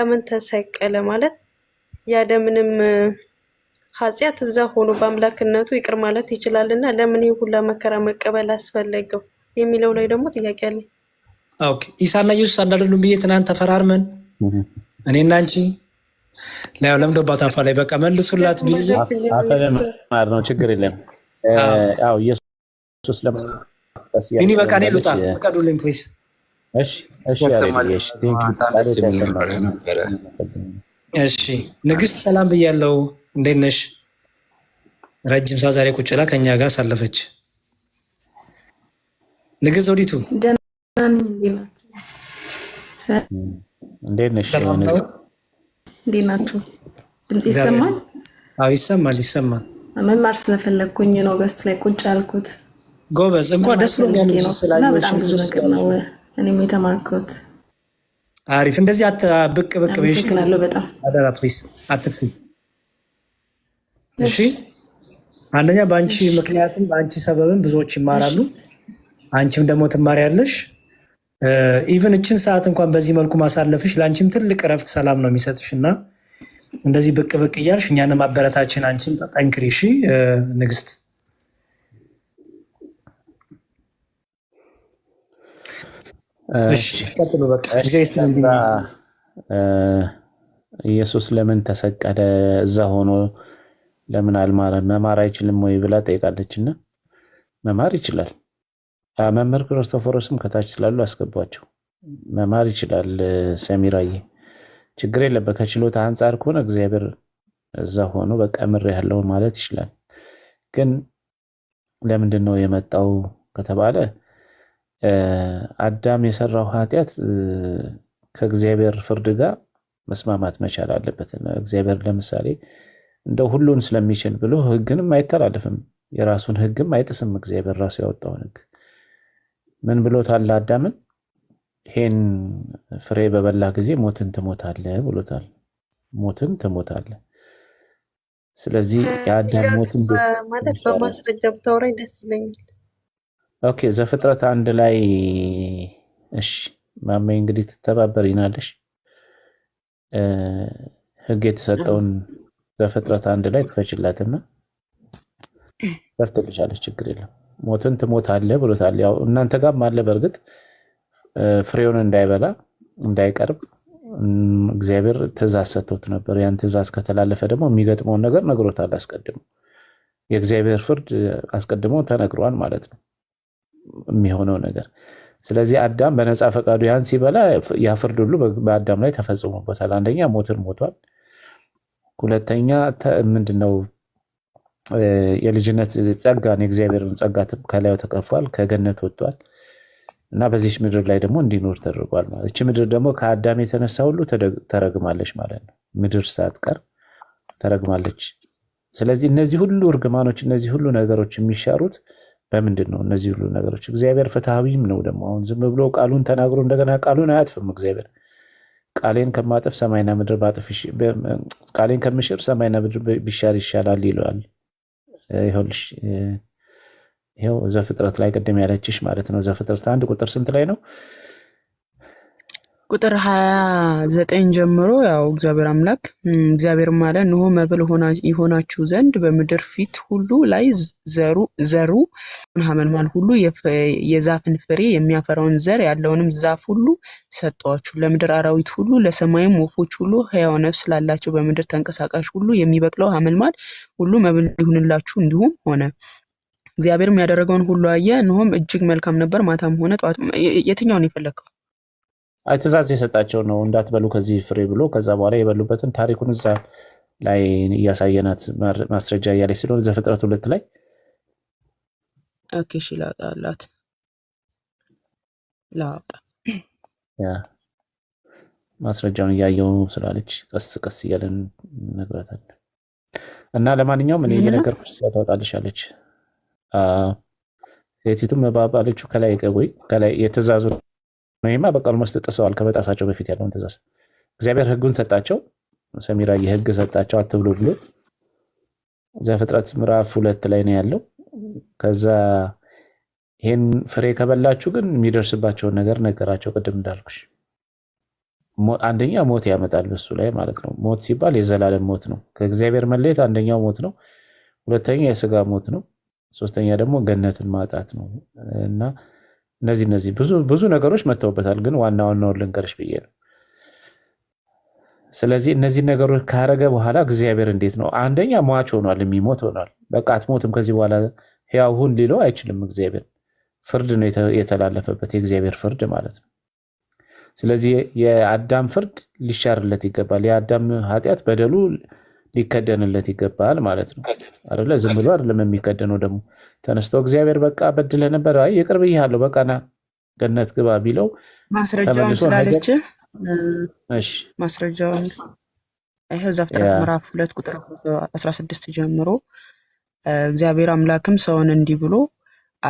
ለምን ተሰቀለ ማለት ያለምንም ኃጢአት እዛ ሆኖ በአምላክነቱ ይቅር ማለት ይችላል እና ለምን ይህ ሁላ መከራ መቀበል አስፈለገው የሚለው ላይ ደግሞ ጥያቄ አለ። ኦኬ ኢሳና ኢየሱስ አንድ ብዬ ትናንት ተፈራርመን እኔና አንቺ ላይ ለምዶባት አፋ ላይ በቃ መልሱላት ቢል ነው ችግር የለም። ኢየሱስ ለምን በቃ እኔ ልውጣ ፍቀዱልኝ ፕሊስ። እሺ ንግስት ሰላም ብያለው። እንዴት ነሽ? ረጅም ሰዓት ዛሬ ቁጭ ከኛ ጋር ሳለፈች። ንግስት ዘውዲቱ እንዴት ነሽ? እንዴት ናችሁ? ይሰማል? አዎ ይሰማል፣ ይሰማል። መማር ስለፈለግኩኝ ነው ገስት ላይ ቁጭ ያልኩት። ጎበዝ፣ እንኳን ደስ ብሎኛል። ብዙ ነገር ነው እኔም የተማርኩት አሪፍ። እንደዚህ ብቅ ብቅ አመሰግናለሁ አደራ፣ ፕሊዝ አትጥፊ። እሺ፣ አንደኛ በአንቺ ምክንያትም በአንቺ ሰበብም ብዙዎች ይማራሉ፣ አንቺም ደግሞ ትማሪያለሽ። ኢቨን እችን ሰዓት እንኳን በዚህ መልኩ ማሳለፍሽ ለአንቺም ትልቅ እረፍት፣ ሰላም ነው የሚሰጥሽ እና እንደዚህ ብቅ ብቅ እያልሽ እኛንም አበረታችን። አንቺም ጠንክሪ እሺ ንግስት። ኢየሱስ ለምን ተሰቀለ? እዛ ሆኖ ለምን አልማረ? መማር አይችልም ወይ ብላ ጠይቃለችና መማር ይችላል። መምህር ክርስቶፎሮስም ከታች ስላሉ አስገቧቸው። መማር ይችላል። ሰሚራዬ ችግር የለበት። ከችሎታ አንጻር ከሆነ እግዚአብሔር እዛ ሆኖ በቃ ምር ያለውን ማለት ይችላል። ግን ለምንድን ነው የመጣው ከተባለ አዳም የሰራው ኃጢአት ከእግዚአብሔር ፍርድ ጋር መስማማት መቻል አለበት። እግዚአብሔር ለምሳሌ እንደው ሁሉን ስለሚችል ብሎ ህግንም አይተላለፍም። የራሱን ህግም አይጥስም። እግዚአብሔር ራሱ ያወጣውን ህግ ምን ብሎታል? አዳምን ይሄን ፍሬ በበላ ጊዜ ሞትን ትሞታለህ ብሎታል። ሞትን ትሞታለህ። ስለዚህ የአዳም ሞትን ማለት በማስረጃ ብታወራኝ ደስ ይለኛል። ኦኬ ዘፍጥረት አንድ ላይ እሺ ማሜ እንግዲህ ትተባበሪናለሽ። ህግ የተሰጠውን ዘፍጥረት አንድ ላይ ክፈችላትና ፈርትልሻለች። ችግር የለም። ሞትን ትሞታለህ ብሎታል። ያው እናንተ ጋር አለ። በእርግጥ ፍሬውን እንዳይበላ እንዳይቀርብ እግዚአብሔር ትእዛዝ ሰጥቶት ነበር። ያን ትእዛዝ ከተላለፈ ደግሞ የሚገጥመውን ነገር ነግሮታል አስቀድሞ። የእግዚአብሔር ፍርድ አስቀድሞ ተነግሯል ማለት ነው። የሚሆነው ነገር። ስለዚህ አዳም በነፃ ፈቃዱ ያን ሲበላ ያ ፍርድ ሁሉ በአዳም ላይ ተፈጽሞበታል። አንደኛ ሞትን ሞቷል። ሁለተኛ ምንድነው የልጅነት ጸጋን የእግዚአብሔርን ጸጋ ከላዩ ተቀፏል፣ ከገነት ወጥቷል እና በዚች ምድር ላይ ደግሞ እንዲኖር ተደርጓል። ማለት እች ምድር ደግሞ ከአዳም የተነሳ ሁሉ ተረግማለች ማለት ነው። ምድር ሳትቀር ተረግማለች። ስለዚህ እነዚህ ሁሉ እርግማኖች፣ እነዚህ ሁሉ ነገሮች የሚሻሩት በምንድን ነው እነዚህ ሁሉ ነገሮች? እግዚአብሔር ፍትሐዊም ነው። ደግሞ አሁን ዝም ብሎ ቃሉን ተናግሮ እንደገና ቃሉን አያጥፍም እግዚአብሔር። ቃሌን ከማጥፍ ሰማይና ምድር ቃሌን ከምሽር ሰማይና ምድር ቢሻር ይሻላል ይለዋል። ይኸውልሽ ይኸው ዘፍጥረት ላይ ቅድም ያለችሽ ማለት ነው። ዘፍጥረት አንድ ቁጥር ስንት ላይ ነው? ቁጥር ሀያ ዘጠኝ ጀምሮ ያው እግዚአብሔር አምላክ እግዚአብሔር ማለ ንሆ መብል የሆናችሁ ዘንድ በምድር ፊት ሁሉ ላይ ዘሩ ዘሩ ሀመልማል ሁሉ የዛፍን ፍሬ የሚያፈራውን ዘር ያለውንም ዛፍ ሁሉ ሰጠዋችሁ። ለምድር አራዊት ሁሉ ለሰማይም ወፎች ሁሉ ሕያው ነፍስ ላላቸው በምድር ተንቀሳቃሽ ሁሉ የሚበቅለው ሀመልማል ሁሉ መብል ሊሆንላችሁ እንዲሁም ሆነ። እግዚአብሔርም ያደረገውን ሁሉ አየ፣ እንሆም እጅግ መልካም ነበር። ማታም ሆነ ጠዋት። የትኛውን የፈለግከው? አይ ትእዛዝ የሰጣቸው ነው እንዳትበሉ ከዚህ ፍሬ ብሎ ከዛ በኋላ የበሉበትን ታሪኩን እዛ ላይ እያሳየናት ማስረጃ እያለች ስለሆነ ዘፍጥረት ሁለት ላይ ኦኬ፣ እሺ ላውጣ አላት ማስረጃውን እያየው ስላለች ቀስ ቀስ እያለን ነግረታል እና ለማንኛውም እኔ እየነገርኩሽ አለች ሴቲቱም እባብ አለችው ከላይ ቀይ ከላይ የትእዛዙ ነማ በቃ ኦልሞስት ጥሰዋል ከመጣሳቸው በፊት ያለውን ትእዛዝ እግዚአብሔር ህጉን ሰጣቸው። ሰሚራ የህግ ሰጣቸው አትብሎ ብሎ ዘፍጥረት ምዕራፍ ሁለት ላይ ነው ያለው። ከዛ ይህን ፍሬ ከበላችሁ ግን የሚደርስባቸውን ነገር ነገራቸው። ቅድም እንዳልኩሽ አንደኛ ሞት ያመጣል በሱ ላይ ማለት ነው። ሞት ሲባል የዘላለም ሞት ነው። ከእግዚአብሔር መለየት አንደኛው ሞት ነው። ሁለተኛ የስጋ ሞት ነው። ሶስተኛ ደግሞ ገነትን ማጣት ነው እና እነዚህ እነዚህ ብዙ ነገሮች መጥተውበታል፣ ግን ዋና ዋናውን ልንገርሽ ብዬ ነው። ስለዚህ እነዚህ ነገሮች ካረገ በኋላ እግዚአብሔር እንዴት ነው? አንደኛ ሟች ሆኗል፣ የሚሞት ሆኗል። በቃ አትሞትም ከዚህ በኋላ ሕያው ሁን ሊለው አይችልም። እግዚአብሔር ፍርድ ነው የተላለፈበት፣ የእግዚአብሔር ፍርድ ማለት ነው። ስለዚህ የአዳም ፍርድ ሊሻርለት ይገባል። የአዳም ኃጢአት በደሉ ሊከደንለት ይገባል ማለት ነው አይደለ? ዝም ብሎ አይደለም የሚከደነው። ደግሞ ተነስቶ እግዚአብሔር በቃ በድለ ነበር፣ አይ ይቅር ብያለሁ፣ በቃ ና ገነት ግባ ቢለው ማስረጃውን ስላለች ማስረጃውን ይኸው ዘፍጥረት ምዕራፍ ሁለት ቁጥር አስራ ስድስት ጀምሮ እግዚአብሔር አምላክም ሰውን እንዲህ ብሎ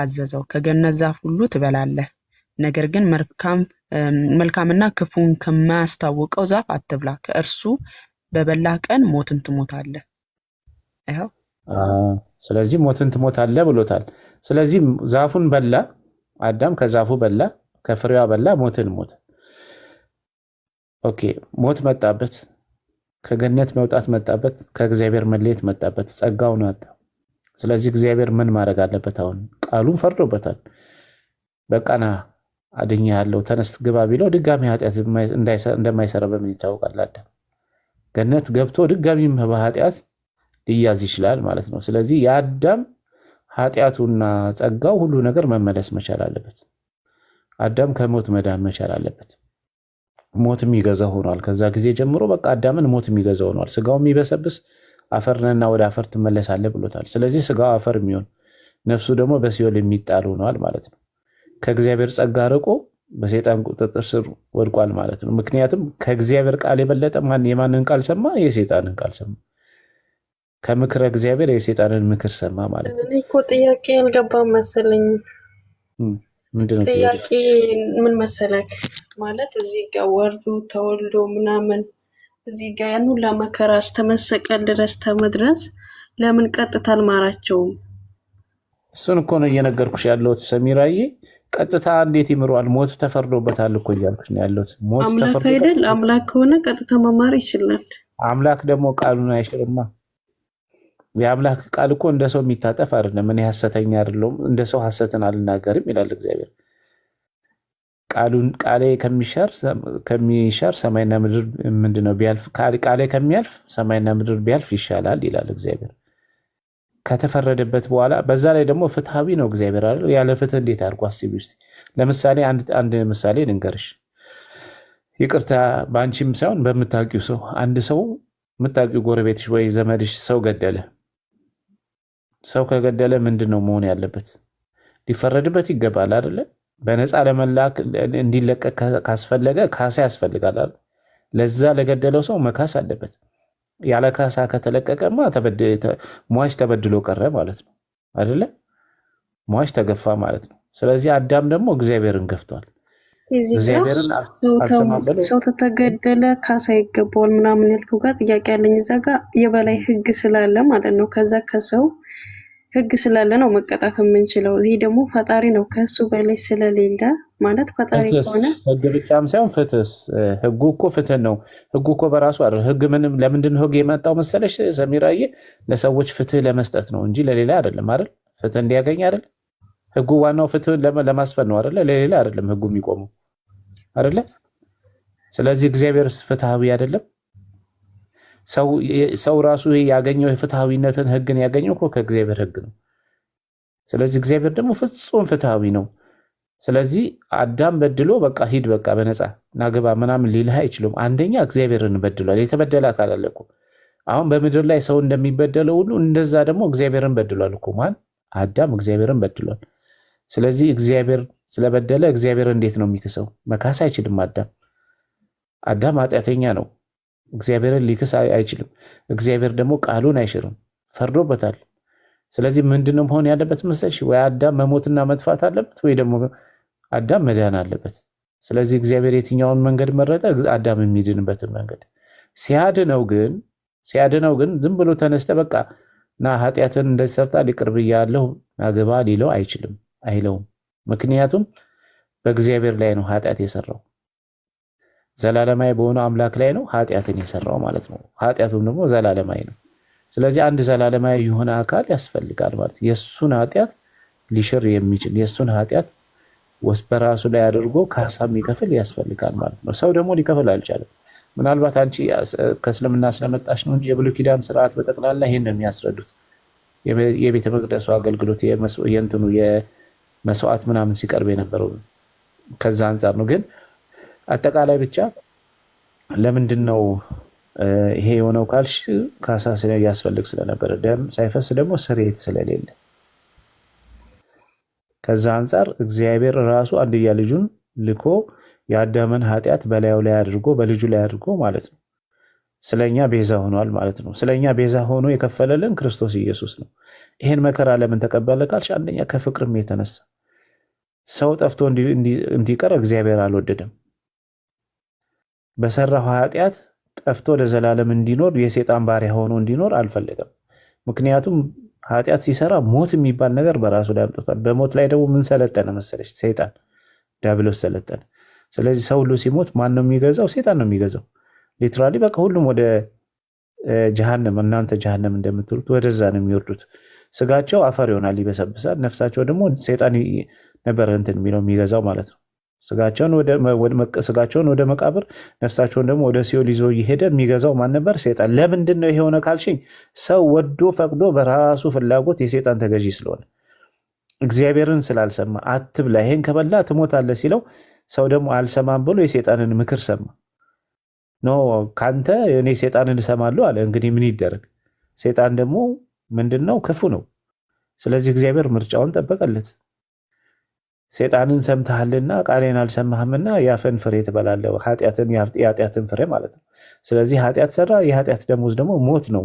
አዘዘው ከገነት ዛፍ ሁሉ ትበላለህ፣ ነገር ግን መልካምና ክፉን ከማያስታውቀው ዛፍ አትብላ፣ ከእርሱ በበላህ ቀን ሞትን ትሞታለህ። ይኸው ስለዚህ ሞትን ትሞታለህ ብሎታል። ስለዚህ ዛፉን በላ አዳም፣ ከዛፉ በላ፣ ከፍሬዋ በላ፣ ሞትን ሞት ኦኬ፣ ሞት መጣበት፣ ከገነት መውጣት መጣበት፣ ከእግዚአብሔር መለየት መጣበት፣ ጸጋውን አጣ። ስለዚህ እግዚአብሔር ምን ማድረግ አለበት? አሁን ቃሉን ፈርዶበታል። በቃና አድኛ ያለው ተነስ ግባ ቢለው ድጋሚ ኃጢአት እንደማይሰራ በምን ይታወቃል? አዳም ገነት ገብቶ ድጋሚም በኃጢአት ሊያዝ ይችላል ማለት ነው። ስለዚህ የአዳም ኃጢአቱና ጸጋው ሁሉ ነገር መመለስ መቻል አለበት። አዳም ከሞት መዳን መቻል አለበት። ሞት የሚገዛ ሆኗል። ከዛ ጊዜ ጀምሮ በቃ አዳምን ሞት የሚገዛ ሆኗል። ስጋው የሚበሰብስ አፈርነና ወደ አፈር ትመለሳለ ብሎታል። ስለዚህ ስጋው አፈር የሚሆን ነፍሱ ደግሞ በሲኦል የሚጣል ሆኗል ማለት ነው። ከእግዚአብሔር ጸጋ ርቆ በሴጣን ቁጥጥር ስር ወድቋል ማለት ነው። ምክንያቱም ከእግዚአብሔር ቃል የበለጠ የማንን ቃል ሰማ? የሴጣንን ቃል ሰማ። ከምክረ እግዚአብሔር የሴጣንን ምክር ሰማ ማለት ነው። እኮ ጥያቄ አልገባም መሰለኝ። ጥያቄ ምን መሰለክ ማለት እዚህ ጋር ወርዱ ተወልዶ ምናምን እዚህ ጋር ያን ሁላ መከራ ድረስ ተመድረስ ለምን ቀጥታ አልማራቸውም? እሱን እኮ ነው እየነገርኩሽ ያለሁት ሰሚራዬ ቀጥታ እንዴት ይምረዋል? ሞት ተፈርዶበታል እኮ እያልኩሽ ነው ያለሁት። አምላክ አይደል? አምላክ ከሆነ ቀጥታ መማር ይችላል። አምላክ ደግሞ ቃሉን አይሽርማ። የአምላክ ቃል እኮ እንደ ሰው የሚታጠፍ አይደለም። እኔ ሐሰተኛ አይደለሁም፣ እንደ ሰው ሐሰትን አልናገርም ይላል እግዚአብሔር። ቃሉን ቃሌ ከሚሻር ሰማይና ምድር ምንድነው ቢያልፍ ቃሌ ከሚያልፍ ሰማይና ምድር ቢያልፍ ይሻላል ይላል እግዚአብሔር። ከተፈረደበት በኋላ በዛ ላይ ደግሞ ፍትሃዊ ነው እግዚአብሔር አለ። ያለ ፍትህ እንዴት አድርጎ አስቢ ለምሳሌ አንድ ምሳሌ ልንገርሽ። ይቅርታ በአንቺም ሳይሆን በምታውቂው ሰው አንድ ሰው የምታውቂው ጎረቤትሽ ወይ ዘመድሽ ሰው ገደለ። ሰው ከገደለ ምንድን ነው መሆን ያለበት? ሊፈረድበት ይገባል አይደለ? በነፃ ለመላክ እንዲለቀቅ ካስፈለገ ካሳ ያስፈልጋል። ለዛ ለገደለው ሰው መካስ አለበት። ያለ ካሳ ከተለቀቀማ ሟች ተበድሎ ቀረ ማለት ነው አይደለ? ሟች ተገፋ ማለት ነው። ስለዚህ አዳም ደግሞ እግዚአብሔርን ገፍቷል። ሰው ተተገደለ ካሳ ይገባዋል ምናምን ያልከው ጋር ጥያቄ ያለኝ እዛ ጋር የበላይ ህግ ስላለ ማለት ነው ከዛ ከሰው ህግ ስላለ ነው መቀጣት የምንችለው። ይህ ደግሞ ፈጣሪ ነው፣ ከሱ በላይ ስለሌለ ማለት ፈጣሪ ከሆነ ህግ ብቻም ሳይሆን ፍትህስ፣ ህጉ እኮ ፍትህ ነው። ህጉ እኮ በራሱ አይደል ህግ። ምንም ለምንድን ህግ የመጣው መሰለሽ ሰሚራዬ? ለሰዎች ፍትህ ለመስጠት ነው እንጂ ለሌላ አይደለም አይደል? ፍትህ እንዲያገኝ አይደል? ህጉ ዋናው ፍትህን ለማስፈን ነው አይደለ? ለሌላ አይደለም ህጉ የሚቆመው አይደለ? ስለዚህ እግዚአብሔር ፍትሃዊ አይደለም? ሰው ራሱ ያገኘው የፍትሐዊነትን ህግን ያገኘው እኮ ከእግዚአብሔር ህግ ነው። ስለዚህ እግዚአብሔር ደግሞ ፍጹም ፍትሐዊ ነው። ስለዚህ አዳም በድሎ በቃ ሂድ በቃ በነፃ ናግባ ምናምን ሊልህ አይችሉም። አንደኛ እግዚአብሔርን በድሏል። የተበደለ አካል አለ እኮ አሁን በምድር ላይ ሰው እንደሚበደለው ሁሉ እንደዛ ደግሞ እግዚአብሔርን በድሏል እኮ ማን አዳም እግዚአብሔርን በድሏል። ስለዚህ እግዚአብሔር ስለበደለ እግዚአብሔር እንዴት ነው የሚክሰው? መካስ አይችልም። አዳም አዳም ኃጢአተኛ ነው። እግዚአብሔርን ሊክስ አይችልም። እግዚአብሔር ደግሞ ቃሉን አይሽርም፣ ፈርዶበታል። ስለዚህ ምንድነው መሆን ያለበት መሰለሽ? ወይ አዳም መሞትና መጥፋት አለበት ወይ ደግሞ አዳም መዳን አለበት። ስለዚህ እግዚአብሔር የትኛውን መንገድ መረጠ? አዳም የሚድንበትን መንገድ። ሲያድነው ግን ሲያድነው ግን ዝም ብሎ ተነስተ በቃ ና ኃጢአትን እንደሰርታ ሊቅርብ እያለሁ ናግባ ሊለው አይችልም አይለውም። ምክንያቱም በእግዚአብሔር ላይ ነው ኃጢአት የሰራው። ዘላለማዊ በሆነ አምላክ ላይ ነው ኃጢአትን የሰራው ማለት ነው። ኃጢአቱም ደግሞ ዘላለማዊ ነው። ስለዚህ አንድ ዘላለማዊ የሆነ አካል ያስፈልጋል ማለት የእሱን ኃጢአት ሊሽር የሚችል የእሱን ኃጢአት በራሱ ላይ አድርጎ ካሳ የሚከፍል ያስፈልጋል ማለት ነው። ሰው ደግሞ ሊከፍል አልቻለም። ምናልባት አንቺ ከእስልምና ስለመጣሽ ነው እንጂ የብሉይ ኪዳን ስርዓት በጠቅላላ ይሄን ነው የሚያስረዱት። የቤተ መቅደሱ አገልግሎት የእንትኑ የመስዋዕት ምናምን ሲቀርብ የነበረው ከዛ አንጻር ነው ግን አጠቃላይ ብቻ ለምንድን ነው ይሄ የሆነው ካልሽ ካሳ ያስፈልግ ስለነበረ ደም ሳይፈስ ደግሞ ስሬት ስለሌለ ከዛ አንጻር እግዚአብሔር ራሱ አንድያ ልጁን ልኮ የአዳምን ኃጢአት በላዩ ላይ አድርጎ በልጁ ላይ አድርጎ ማለት ነው ስለኛ ቤዛ ሆኗል ማለት ነው። ስለኛ ቤዛ ሆኖ የከፈለልን ክርስቶስ ኢየሱስ ነው። ይህን መከራ ለምን ተቀበለ ካልሽ፣ አንደኛ ከፍቅርም የተነሳ ሰው ጠፍቶ እንዲቀር እግዚአብሔር አልወደደም። በሰራው ኃጢአት ጠፍቶ ለዘላለም እንዲኖር የሴጣን ባሪያ ሆኖ እንዲኖር አልፈለገም። ምክንያቱም ኃጢአት ሲሰራ ሞት የሚባል ነገር በራሱ ላይ አምጥቷል። በሞት ላይ ደግሞ ምን ሰለጠነ መሰለች? ሴጣን ዲያብሎስ ሰለጠነ። ስለዚህ ሰው ሁሉ ሲሞት ማን ነው የሚገዛው? ሴጣን ነው የሚገዛው። ሊትራሊ በቃ ሁሉም ወደ ጀሃነም፣ እናንተ ጀሃነም እንደምትሉት ወደዛ ነው የሚወርዱት። ስጋቸው አፈር ይሆናል፣ ይበሰብሳል። ነፍሳቸው ደግሞ ሴጣን ነበር እንትን የሚለው የሚገዛው ማለት ነው። ስጋቸውን ወደ መቃብር ነፍሳቸውን ደግሞ ወደ ሲኦል ይዞ እየሄደ የሚገዛው ማን ነበር? ሴጣን። ለምንድን ነው የሆነ ካልሽኝ፣ ሰው ወዶ ፈቅዶ በራሱ ፍላጎት የሴጣን ተገዢ ስለሆነ እግዚአብሔርን ስላልሰማ አትብላ፣ ይሄን ከበላ ትሞታለ ሲለው ሰው ደግሞ አልሰማም ብሎ የሴጣንን ምክር ሰማ። ኖ ካንተ እኔ ሴጣንን እሰማለሁ አለ። እንግዲህ ምን ይደረግ? ሴጣን ደግሞ ምንድን ነው ክፉ ነው። ስለዚህ እግዚአብሔር ምርጫውን ጠበቀለት። ሴጣንን ሰምተሃልና ቃሌን አልሰማህምና ያፈን ፍሬ ትበላለህ። የኃጢአትን ፍሬ ማለት ነው። ስለዚህ ኃጢአት ሰራ፣ የኃጢአት ደሞዝ ደግሞ ሞት ነው።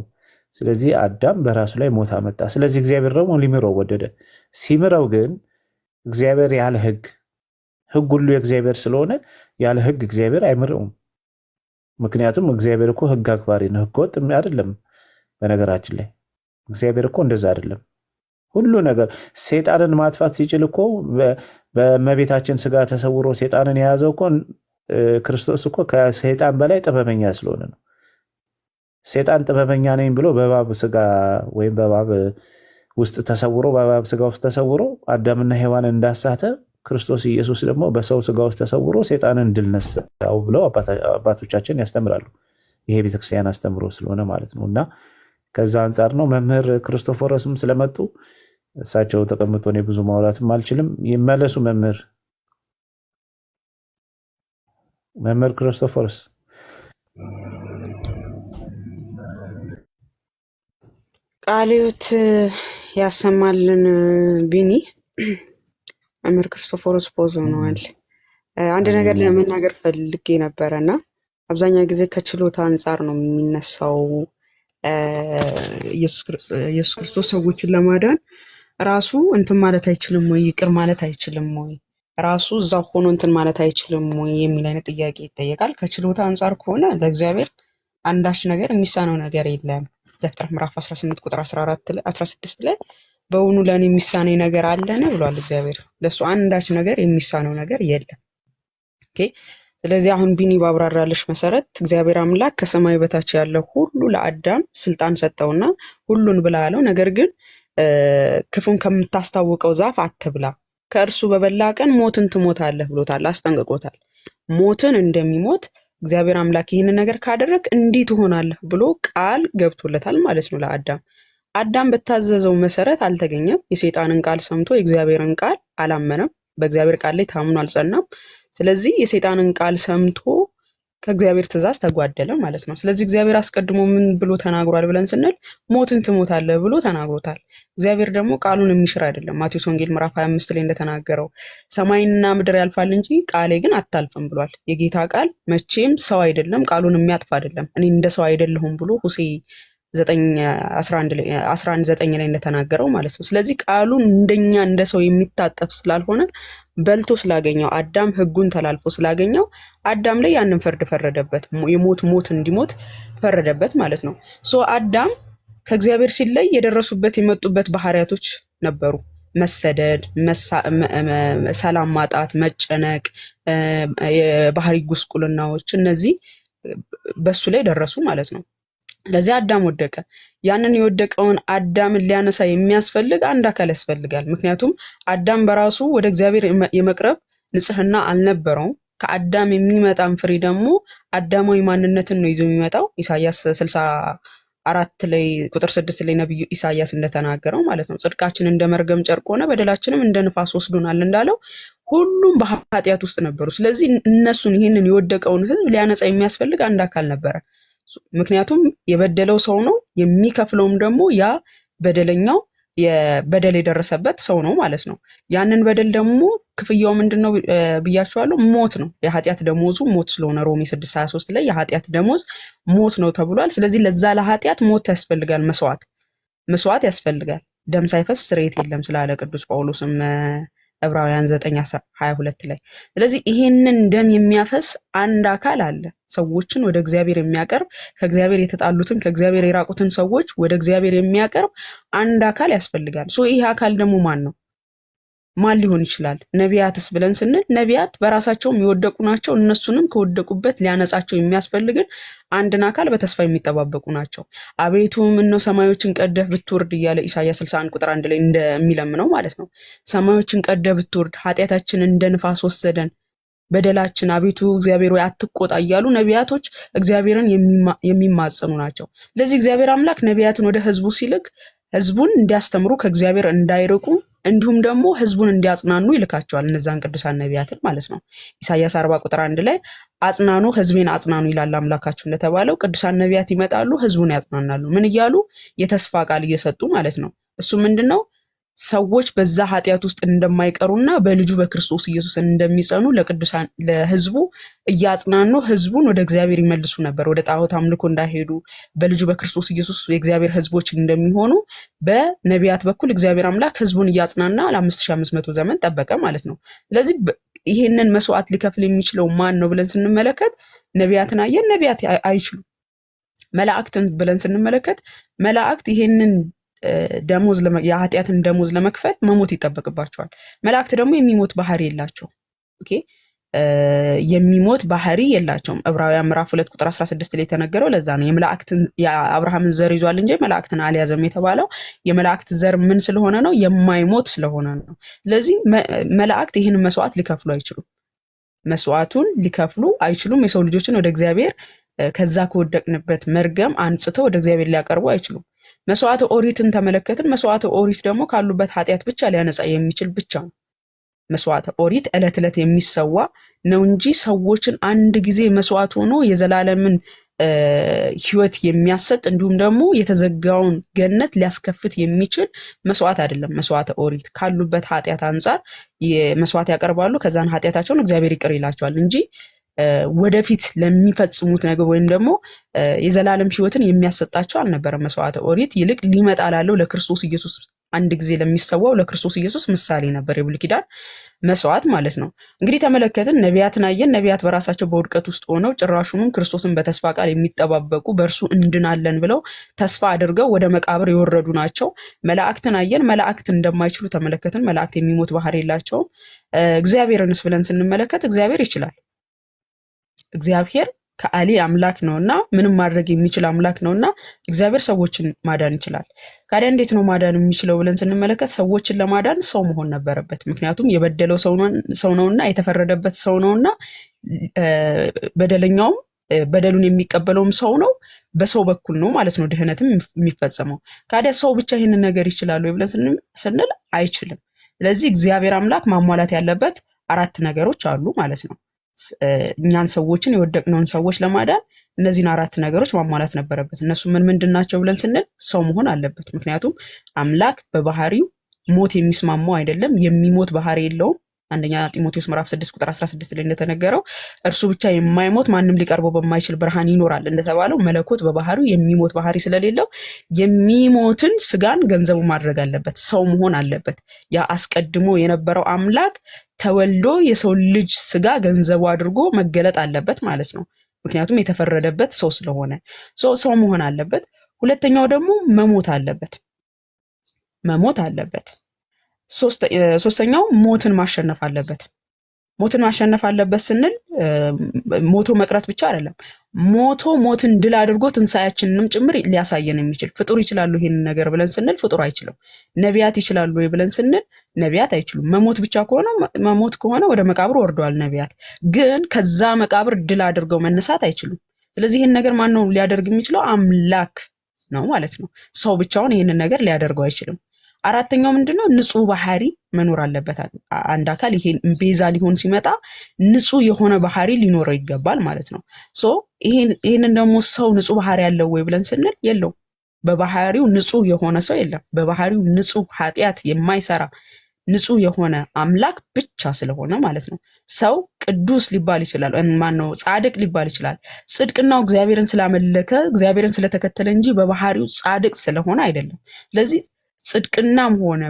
ስለዚህ አዳም በራሱ ላይ ሞት አመጣ። ስለዚህ እግዚአብሔር ደግሞ ሊምረው ወደደ። ሲምረው ግን እግዚአብሔር ያለ ህግ ህግ ሁሉ የእግዚአብሔር ስለሆነ ያለ ህግ እግዚአብሔር አይምረውም። ምክንያቱም እግዚአብሔር እኮ ህግ አክባሪ ነው፣ ህገ ወጥ አይደለም። በነገራችን ላይ እግዚአብሔር እኮ እንደዛ አይደለም። ሁሉ ነገር ሴጣንን ማጥፋት ሲችል እኮ በእመቤታችን ስጋ ተሰውሮ ሴጣንን የያዘው እኮ ክርስቶስ እኮ ከሴጣን በላይ ጥበበኛ ስለሆነ ነው። ሴጣን ጥበበኛ ነኝ ብሎ በባብ ስጋ ወይም በባብ ውስጥ ተሰውሮ በባብ ስጋ ውስጥ ተሰውሮ አዳምና ሔዋንን እንዳሳተ ክርስቶስ ኢየሱስ ደግሞ በሰው ስጋ ውስጥ ተሰውሮ ሴጣንን ድል ነሳው ብለው አባቶቻችን ያስተምራሉ። ይሄ ቤተክርስቲያን አስተምሮ ስለሆነ ማለት ነው። እና ከዛ አንጻር ነው መምህር ክርስቶፎረስም ስለመጡ እሳቸው ተቀምጦ እኔ ብዙ ማውራትም አልችልም። ይመለሱ መምህር መምህር ክርስቶፎርስ ቃልዮት ያሰማልን። ቢኒ መምህር ክርስቶፎሮስ ፖዝ ሆነዋል። አንድ ነገር ለመናገር ፈልጌ ነበረ እና አብዛኛው ጊዜ ከችሎታ አንጻር ነው የሚነሳው ኢየሱስ ክርስቶስ ሰዎችን ለማዳን ራሱ እንትን ማለት አይችልም ወይ? ይቅር ማለት አይችልም ወይ? ራሱ እዛ ሆኖ እንትን ማለት አይችልም ወይ የሚል አይነት ጥያቄ ይጠየቃል። ከችሎታ አንጻር ከሆነ ለእግዚአብሔር አንዳች ነገር የሚሳነው ነገር የለም። ዘፍጥረት ምዕራፍ 18 ቁጥር 16 ላይ በውኑ ለእኔ የሚሳነኝ ነገር አለን ብሏል እግዚአብሔር። ለእሱ አንዳች ነገር የሚሳነው ነገር የለም። ኦኬ። ስለዚህ አሁን ቢኒ ባብራራልሽ መሰረት እግዚአብሔር አምላክ ከሰማይ በታች ያለው ሁሉ ለአዳም ስልጣን ሰጠውና ሁሉን ብላ አለው። ነገር ግን ክፉን ከምታስታውቀው ዛፍ አትብላ፣ ከእርሱ በበላ ቀን ሞትን ትሞታለህ ብሎታል፣ አስጠንቅቆታል። ሞትን እንደሚሞት እግዚአብሔር አምላክ ይህንን ነገር ካደረግ እንዲህ ትሆናለህ ብሎ ቃል ገብቶለታል ማለት ነው ለአዳም። አዳም በታዘዘው መሰረት አልተገኘም። የሰይጣንን ቃል ሰምቶ የእግዚአብሔርን ቃል አላመነም። በእግዚአብሔር ቃል ላይ ታምኖ አልጸናም። ስለዚህ የሰይጣንን ቃል ሰምቶ ከእግዚአብሔር ትእዛዝ ተጓደለ ማለት ነው። ስለዚህ እግዚአብሔር አስቀድሞ ምን ብሎ ተናግሯል ብለን ስንል ሞትን ትሞታለህ ብሎ ተናግሮታል። እግዚአብሔር ደግሞ ቃሉን የሚሽር አይደለም። ማቴዎስ ወንጌል ምዕራፍ 25 ላይ እንደተናገረው ሰማይና ምድር ያልፋል እንጂ ቃሌ ግን አታልፍም ብሏል። የጌታ ቃል መቼም ሰው አይደለም፣ ቃሉን የሚያጥፍ አይደለም። እኔ እንደ ሰው አይደለሁም ብሎ ሁሴ አስራ ዘጠኝ ላይ እንደተናገረው ማለት ነው። ስለዚህ ቃሉ እንደኛ እንደ ሰው የሚታጠፍ ስላልሆነ በልቶ ስላገኘው አዳም ሕጉን ተላልፎ ስላገኘው አዳም ላይ ያንን ፍርድ ፈረደበት። የሞት ሞት እንዲሞት ፈረደበት ማለት ነው። ሶ አዳም ከእግዚአብሔር ሲለይ የደረሱበት የመጡበት ባህሪያቶች ነበሩ። መሰደድ፣ ሰላም ማጣት፣ መጨነቅ፣ የባህሪ ጉስቁልናዎች እነዚህ በሱ ላይ ደረሱ ማለት ነው። ስለዚህ አዳም ወደቀ። ያንን የወደቀውን አዳምን ሊያነሳ የሚያስፈልግ አንድ አካል ያስፈልጋል። ምክንያቱም አዳም በራሱ ወደ እግዚአብሔር የመቅረብ ንጽህና አልነበረውም። ከአዳም የሚመጣም ፍሬ ደግሞ አዳማዊ ማንነትን ነው ይዞ የሚመጣው። ኢሳያስ ስልሳ አራት ላይ ቁጥር ስድስት ላይ ነቢዩ ኢሳያስ እንደተናገረው ማለት ነው ጽድቃችን እንደ መርገም ጨርቅ ሆነ፣ በደላችንም እንደ ንፋስ ወስዶናል እንዳለው ሁሉም በኃጢአት ውስጥ ነበሩ። ስለዚህ እነሱን ይህንን የወደቀውን ህዝብ ሊያነጻ የሚያስፈልግ አንድ አካል ነበረ። ምክንያቱም የበደለው ሰው ነው የሚከፍለውም ደግሞ ያ በደለኛው በደል የደረሰበት ሰው ነው ማለት ነው። ያንን በደል ደግሞ ክፍያው ምንድን ነው ብያቸዋለሁ? ሞት ነው። የኃጢአት ደሞዙ ሞት ስለሆነ ሮሜ 23 ላይ የኃጢአት ደሞዝ ሞት ነው ተብሏል። ስለዚህ ለዛ ለኃጢአት ሞት ያስፈልጋል፣ መስዋዕት መስዋዕት ያስፈልጋል። ደም ሳይፈስ ስርየት የለም ስላለ ቅዱስ ጳውሎስም ዕብራውያን 9:22 ላይ። ስለዚህ ይሄንን ደም የሚያፈስ አንድ አካል አለ፣ ሰዎችን ወደ እግዚአብሔር የሚያቀርብ ከእግዚአብሔር የተጣሉትን ከእግዚአብሔር የራቁትን ሰዎች ወደ እግዚአብሔር የሚያቀርብ አንድ አካል ያስፈልጋል። ሶ ይህ አካል ደግሞ ማን ነው? ማን ሊሆን ይችላል? ነቢያትስ ብለን ስንል ነቢያት በራሳቸውም የወደቁ ናቸው። እነሱንም ከወደቁበት ሊያነጻቸው የሚያስፈልግን አንድን አካል በተስፋ የሚጠባበቁ ናቸው። አቤቱ ምነው ሰማዮችን ቀደህ ብትወርድ እያለ ኢሳያስ 61 ቁጥር አንድ ላይ እንደሚለምነው ማለት ነው። ሰማዮችን ቀደህ ብትወርድ፣ ኃጢአታችን እንደ ንፋስ ወሰደን፣ በደላችን አቤቱ እግዚአብሔር ወይ አትቆጣ እያሉ ነቢያቶች እግዚአብሔርን የሚማጸኑ ናቸው። ለዚህ እግዚአብሔር አምላክ ነቢያትን ወደ ህዝቡ ሲልክ ህዝቡን እንዲያስተምሩ ከእግዚአብሔር እንዳይርቁ እንዲሁም ደግሞ ህዝቡን እንዲያጽናኑ ይልካቸዋል። እነዛን ቅዱሳን ነቢያትን ማለት ነው። ኢሳያስ አርባ ቁጥር አንድ ላይ አጽናኑ፣ ህዝቤን አጽናኑ ይላል አምላካችሁ እንደተባለው ቅዱሳን ነቢያት ይመጣሉ፣ ህዝቡን ያጽናናሉ። ምን እያሉ የተስፋ ቃል እየሰጡ ማለት ነው። እሱ ምንድን ነው? ሰዎች በዛ ኃጢአት ውስጥ እንደማይቀሩና በልጁ በክርስቶስ ኢየሱስ እንደሚጸኑ ለቅዱሳን ለህዝቡ እያጽናኑ ህዝቡን ወደ እግዚአብሔር ይመልሱ ነበር። ወደ ጣዖት አምልኮ እንዳይሄዱ በልጁ በክርስቶስ ኢየሱስ የእግዚአብሔር ህዝቦች እንደሚሆኑ በነቢያት በኩል እግዚአብሔር አምላክ ህዝቡን እያጽናና ለ5500 ዘመን ጠበቀ ማለት ነው። ስለዚህ ይሄንን መስዋዕት ሊከፍል የሚችለው ማን ነው ብለን ስንመለከት ነቢያትን አየን። ነቢያት አይችሉም። መላእክትን ብለን ስንመለከት መላእክት ይሄንን ደሞዝ የኃጢአትን ደሞዝ ለመክፈል መሞት ይጠበቅባቸዋል። መላእክት ደግሞ የሚሞት ባህሪ የላቸው የሚሞት ባህሪ የላቸውም። ዕብራውያን ምዕራፍ ሁለት ቁጥር 16 ላይ የተነገረው ለዛ ነው። የመላእክትን የአብርሃምን ዘር ይዟል እንጂ መላእክትን አልያዘም የተባለው የመላእክት ዘር ምን ስለሆነ ነው? የማይሞት ስለሆነ ነው። ስለዚህ መላእክት ይህን መስዋዕት ሊከፍሉ አይችሉም። መስዋዕቱን ሊከፍሉ አይችሉም። የሰው ልጆችን ወደ እግዚአብሔር ከዛ ከወደቅንበት መርገም አንጽተው ወደ እግዚአብሔር ሊያቀርቡ አይችሉም። መስዋዕተ ኦሪትን ተመለከትን። መስዋዕተ ኦሪት ደግሞ ካሉበት ኃጢአት ብቻ ሊያነጻ የሚችል ብቻ ነው። መስዋዕተ ኦሪት ዕለት ዕለት የሚሰዋ ነው እንጂ ሰዎችን አንድ ጊዜ መስዋዕት ሆኖ የዘላለምን ህይወት የሚያሰጥ እንዲሁም ደግሞ የተዘጋውን ገነት ሊያስከፍት የሚችል መስዋዕት አይደለም። መስዋዕተ ኦሪት ካሉበት ኃጢአት አንጻር መስዋዕት ያቀርባሉ። ከዛን ኃጢአታቸውን እግዚአብሔር ይቅር ይላቸዋል እንጂ ወደፊት ለሚፈጽሙት ነገር ወይም ደግሞ የዘላለም ህይወትን የሚያሰጣቸው አልነበረም መስዋዕተ ኦሪት። ይልቅ ሊመጣ ላለው ለክርስቶስ ኢየሱስ አንድ ጊዜ ለሚሰዋው ለክርስቶስ ኢየሱስ ምሳሌ ነበር የብሉይ ኪዳን መስዋዕት ማለት ነው። እንግዲህ ተመለከትን፣ ነቢያትን አየን። ነቢያት በራሳቸው በውድቀት ውስጥ ሆነው ጭራሹንም ክርስቶስን በተስፋ ቃል የሚጠባበቁ በእርሱ እንድናለን ብለው ተስፋ አድርገው ወደ መቃብር የወረዱ ናቸው። መላእክትን አየን። መላእክት እንደማይችሉ ተመለከትን። መላእክት የሚሞት ባህር የላቸውም። እግዚአብሔርንስ ብለን ስንመለከት እግዚአብሔር ይችላል። እግዚአብሔር ከአሊ አምላክ ነውና ምንም ማድረግ የሚችል አምላክ ነውና እግዚአብሔር ሰዎችን ማዳን ይችላል። ታዲያ እንዴት ነው ማዳን የሚችለው ብለን ስንመለከት ሰዎችን ለማዳን ሰው መሆን ነበረበት። ምክንያቱም የበደለው ሰው ነውና የተፈረደበት ሰው ነውና በደለኛውም በደሉን የሚቀበለውም ሰው ነው። በሰው በኩል ነው ማለት ነው ድህነትም የሚፈጸመው። ታዲያ ሰው ብቻ ይህንን ነገር ይችላል ብለን ስንል አይችልም። ስለዚህ እግዚአብሔር አምላክ ማሟላት ያለበት አራት ነገሮች አሉ ማለት ነው። እኛን ሰዎችን የወደቅነውን ሰዎች ለማዳን እነዚህን አራት ነገሮች ማሟላት ነበረበት። እነሱ ምን ምንድን ናቸው ብለን ስንል ሰው መሆን አለበት። ምክንያቱም አምላክ በባህሪው ሞት የሚስማማው አይደለም፣ የሚሞት ባህሪ የለውም። አንደኛ ጢሞቴዎስ ምዕራፍ 6 ቁጥር 16 ላይ እንደተነገረው እርሱ ብቻ የማይሞት ማንም ሊቀርበው በማይችል ብርሃን ይኖራል እንደተባለው መለኮት በባህሪው የሚሞት ባህሪ ስለሌለው የሚሞትን ስጋን ገንዘቡ ማድረግ አለበት፣ ሰው መሆን አለበት። ያ አስቀድሞ የነበረው አምላክ ተወልዶ የሰው ልጅ ስጋ ገንዘቡ አድርጎ መገለጥ አለበት ማለት ነው። ምክንያቱም የተፈረደበት ሰው ስለሆነ ሰው መሆን አለበት። ሁለተኛው ደግሞ መሞት አለበት መሞት አለበት። ሶስተኛው ሞትን ማሸነፍ አለበት። ሞትን ማሸነፍ አለበት ስንል ሞቶ መቅረት ብቻ አይደለም። ሞቶ ሞትን ድል አድርጎ ትንሳያችንንም ጭምር ሊያሳየን የሚችል ፍጡር ይችላሉ ይህን ነገር ብለን ስንል ፍጡር አይችልም። ነቢያት ይችላሉ ወይ ብለን ስንል ነቢያት አይችሉም። መሞት ብቻ ከሆነ መሞት ከሆነ ወደ መቃብር ወርደዋል ነቢያት፣ ግን ከዛ መቃብር ድል አድርገው መነሳት አይችሉም። ስለዚህ ይህን ነገር ማን ሊያደርግ የሚችለው? አምላክ ነው ማለት ነው። ሰው ብቻውን ይህንን ነገር ሊያደርገው አይችልም። አራተኛው ምንድነው? ንጹህ ባህሪ መኖር አለበት። አንድ አካል ይሄን ቤዛ ሊሆን ሲመጣ ንጹህ የሆነ ባህሪ ሊኖረው ይገባል ማለት ነው። ሶ ይህንን ደግሞ ሰው ንጹህ ባህሪ ያለው ወይ ብለን ስንል የለው። በባህሪው ንጹህ የሆነ ሰው የለም። በባህሪው ንጹህ ኃጢአት የማይሰራ ንጹህ የሆነ አምላክ ብቻ ስለሆነ ማለት ነው። ሰው ቅዱስ ሊባል ይችላል፣ ነው ጻድቅ ሊባል ይችላል። ጽድቅናው እግዚአብሔርን ስላመለከ እግዚአብሔርን ስለተከተለ እንጂ በባህሪው ጻድቅ ስለሆነ አይደለም። ስለዚህ ጽድቅናም ሆነ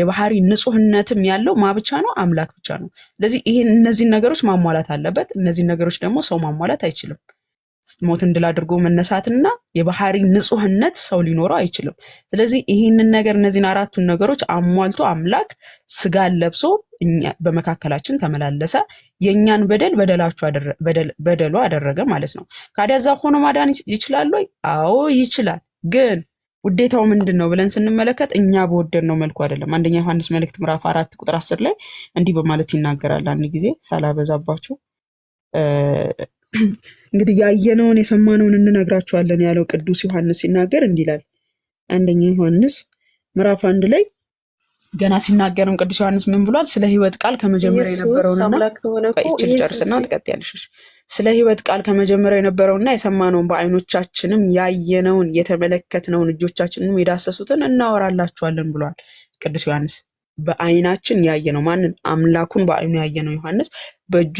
የባህሪ ንጹህነትም ያለው ማ ብቻ ነው? አምላክ ብቻ ነው። ስለዚህ ይህን እነዚህን ነገሮች ማሟላት አለበት። እነዚህን ነገሮች ደግሞ ሰው ማሟላት አይችልም። ሞትን ድል አድርጎ መነሳትና የባህሪ ንጹህነት ሰው ሊኖረው አይችልም። ስለዚህ ይህንን ነገር እነዚህን አራቱን ነገሮች አሟልቶ አምላክ ስጋን ለብሶ በመካከላችን ተመላለሰ። የእኛን በደል በደሉ አደረገ ማለት ነው። ካዲያ እዛ ሆኖ ማዳን ይችላል ወይ? አዎ ይችላል ግን ውዴታው ምንድን ነው ብለን ስንመለከት እኛ ነው መልኩ አይደለም። አንደኛ ዮሐንስ መልእክት ምዕራፍ አራት ቁጥር አስር ላይ እንዲህ በማለት ይናገራል። አንድ ጊዜ ሳላበዛባችሁ እንግዲህ ያየነውን የሰማነውን እንነግራችኋለን ያለው ቅዱስ ዮሐንስ ሲናገር እንዲህ ይላል። አንደኛ ዮሐንስ ምዕራፍ አንድ ላይ ገና ሲናገርም ቅዱስ ዮሐንስ ምን ብሏል? ስለ ህይወት ቃል ከመጀመሪያ የነበረውንና ይችል ጨርስና ትቀጥያለሽ። ስለ ህይወት ቃል ከመጀመሪያ የነበረውና የሰማነውን በአይኖቻችንም ያየነውን የተመለከትነውን እጆቻችንም የዳሰሱትን እናወራላችኋለን ብሏል ቅዱስ ዮሐንስ። በአይናችን ያየነው ማንን? አምላኩን በአይኑ ያየነው ዮሐንስ በእጁ